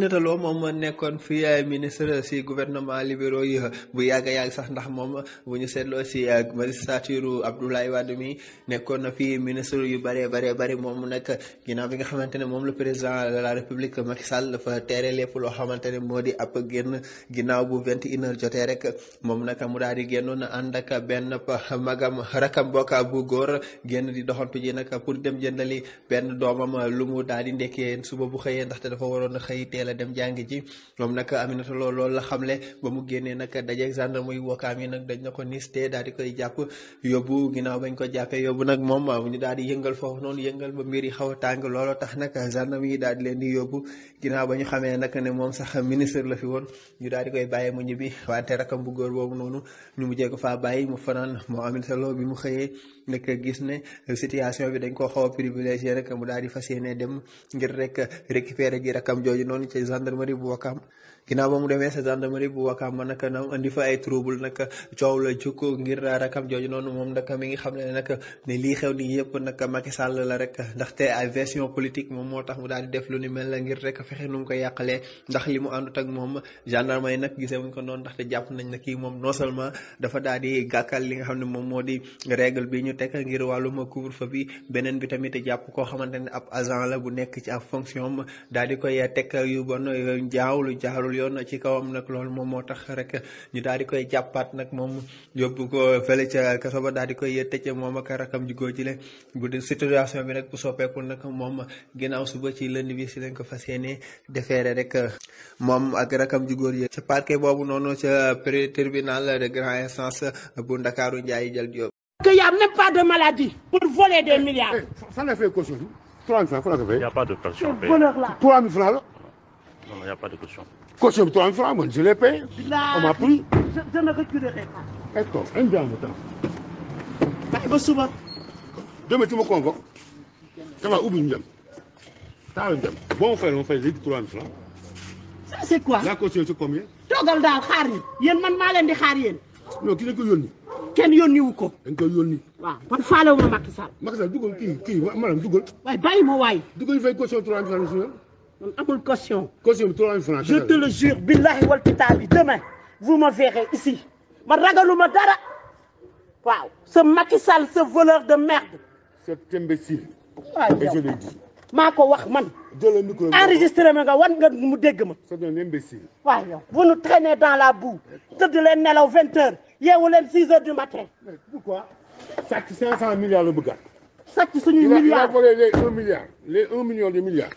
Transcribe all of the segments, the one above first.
Aminata Lo moom nekkoon fi euh, ministre euh, si gouvernement libéraux yi euh, bu yàgg yàgg sax ndax moom bu ñu seetloo si magistrature Abdoulaye Wade mi nekkoon na fi ministre yu bëree bëree bari moom nag ginnaaw bi nga xamante ne moom le président la république Macky Sall dafa teere lépp loo xamante ne moo di ab génn ginnaaw bu vingt et jotee rek moom nag mu daal di génnoon ànd ak benn magam rakam bokka bu góor génn di doxantu ji nag pour dem jëndali benn doomam lu mu daal di ndekkee suba bu xëyee ndaxte dafa waroon xëy teel teel a dem jàngi ji moom nag Aminata Lo loolu la xamle ba mu génnee nag dajeeg gendarme muy wokkaam yi nag dañ na ko niste daal di koy jàpp yóbbu ginnaaw bañ ko jàppee yóbbu nag moom ñu ba a tàng di leen di yóbbu ginnaaw ba ñu xamee nag ne moom sax ministre la fi woon ñu daal di koy bàyyi mu ñibbi wante rakam bu góor boobu noonu ñu mujjee ko faa bàyyi mu fanaan moo Aminata Lo bi mu xëyee nag gis ne situation bi dañ ko xaw a privilégié rek mu daal di fas yéene dem ngir rek récupérer ji rakam jooju noonu ci gendarmerie bu Wakaam ginnaaw ba mu demee sa gendarmerie bu Wakaam ma naka nam andi fa ay trouble naka coow la jukk ngir rakam jooju noonu moom naka mi ngi xam ne naka ne lii xew nii yëpp naka Macky Sall la rek ndaxte ay politique moom moo tax mu daal di def lu ni mel la ngir rek fexe nu mu ko yàqalee ndax li mu àndut ak moom gendarme yi nag gisee wuñ ko noonu ndaxte jàpp nañ ne kii moom non seulement dafa daal di gàkkal li nga xam ne moom moo di règle bi ñu teg ngir wàllum couvre-feu bi beneen bi tamit jàpp koo xamante ne ab agent la bu nekk ci ab fonction lu bon jaaw lu jaarul yoon ci kawam nag loolu moom moo tax rek ñu daal di koy jàppaat nag moom yóbbu ko fële ca kaso ba daal di koy tëj moom ak rakam ji góor ji le bu dee situation bi nag bu soppeekul nag moom ginnaaw suba ci lënd bi si lañ ko fas yéene defeere rek moom ak rakam ji góor yi ca parquet boobu noonu ca tribunal de grande instance bu Ndakaaru Ndiaye jël Diop. qu'il y a même pas de maladie pour voler des milliards. Eh, ça, ça, ça fait caution. 3000 francs, il n'y a pas de pension. C'est bonheur là. 3000 Non, il n'y a pas de caution. Caution de 30 francs, moi, je l'ai payé. On m'a pris. Je, je ne reculerai pas. D'accord, un bien de temps. Demain, tu me convoques. Ça va, oublie une Ça va, Bon, on fait, on fait, 30 francs. Ça, c'est quoi La caution, c'est combien Togal dal, xaar yi. Yéen man maa leen di xaar yéen. Non, ki la ko yónni. kenn yónni wu ko. dañ koy yónni. waaw man faale wu ma Macky Sall. Macky Sall dugal kii kii maanaam dugal. waaye bàyyi ma waay. dugal fay caution 30 francs man amul caution. caution bi 3000 francs. je te le jure billahi wal kitaabi demain vous me verrez ici man ma dara waaw ce Macky Sall ce voleur de merde. cet imbécile. waaw et je maa ko wax man. jël micro enregistré ma nga wan nga mu dégg ma. c'est un imbécile. waaw yow vous nous traînez dans la boue. tëdd leen nelaw vingt heures yeewu leen six heures du matin. mais pourquoi. sàcc cinq cent milliards la bëggaat. sàcc suñuy milliards il a volé un milliard million de milliards.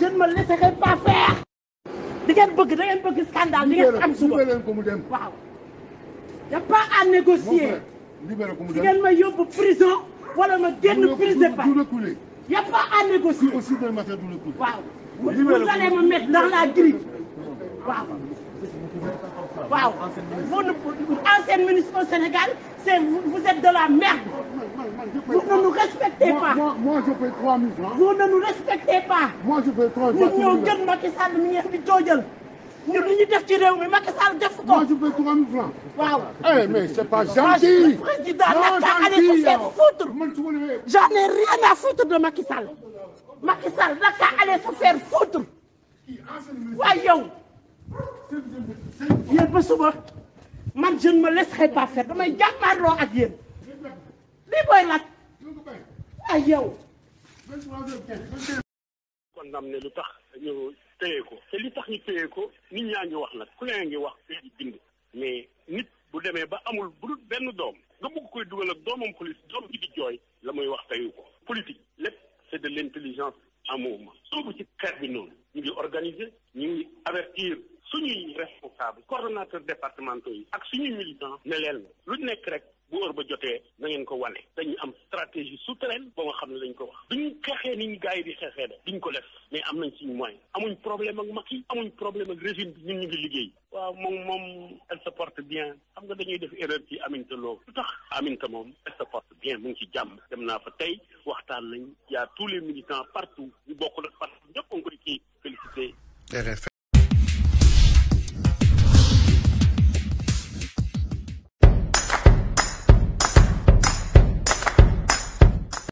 je ne me laisserai pas faire di ngeen bëgg da bëgg scandale di ngeen am waaw y a pas ma yóbbu prison wala ma génn prise de parole y a waaw vous allez me mettre la grille waaw waaw vous ancien Sénégal c'est vous de la merde Vous ne nous respectez pas. Moi, moi je paye 3 000 francs. Vous ne nous respectez pas. Moi, je paye 3 000 mi ngeen di joojal. ñun li ñu def ci réew mi Macky Sall def ko. moi je paye 3 000 francs. waaw. eh mais c'est pas gentil. président nag daa allé se faire foutre. man su ma demee. j'en ai rien à foutre de Macky Sall. Macky Sall nag daa se faire foutre. waaye yow. yéen ba me laisserai pas faire damay jàmmaarloo ak yéen. lii booy laaj. ay yow. condamné lu tax ñu téye ko te li tax ñu téye ko nit ñaa ngi wax nag ku ne ngi wax ku ngi bind mais nit bu demee ba amul bu dul benn doom nga bëgg koy dugal ak doomam police doom bi jooy la muy wax teyu ko politique lépp c'est de l'intelligence en mouvement soobu ci xeet bi noonu ñu ngi organiser ñu ngi avertir suñuy responsable coordonnateur départementaux yi ak suñuy militant ne leen lu nekk rek bu wër ba jotee na ngeen ko wane dañu am stratégie souterraine ba nga xam ne dañ ko wax du duñu xeexee ni ñu gars yi di xeexee de duñ ko def mais am nañ suñu moyen amuñ problème ak Macky amuñ problème ak régime bi ñun ñu ngi liggéey waaw moom moom elle se porte bien xam nga dañuy def erreur ci Aminata Lo lu tax Aminata moom elle se porte bien mu ngi ci jàmm dem naa fa tey waxtaan nañ y a tous les militants partout ñu bokk nag partout ñëpp a ngi koy kii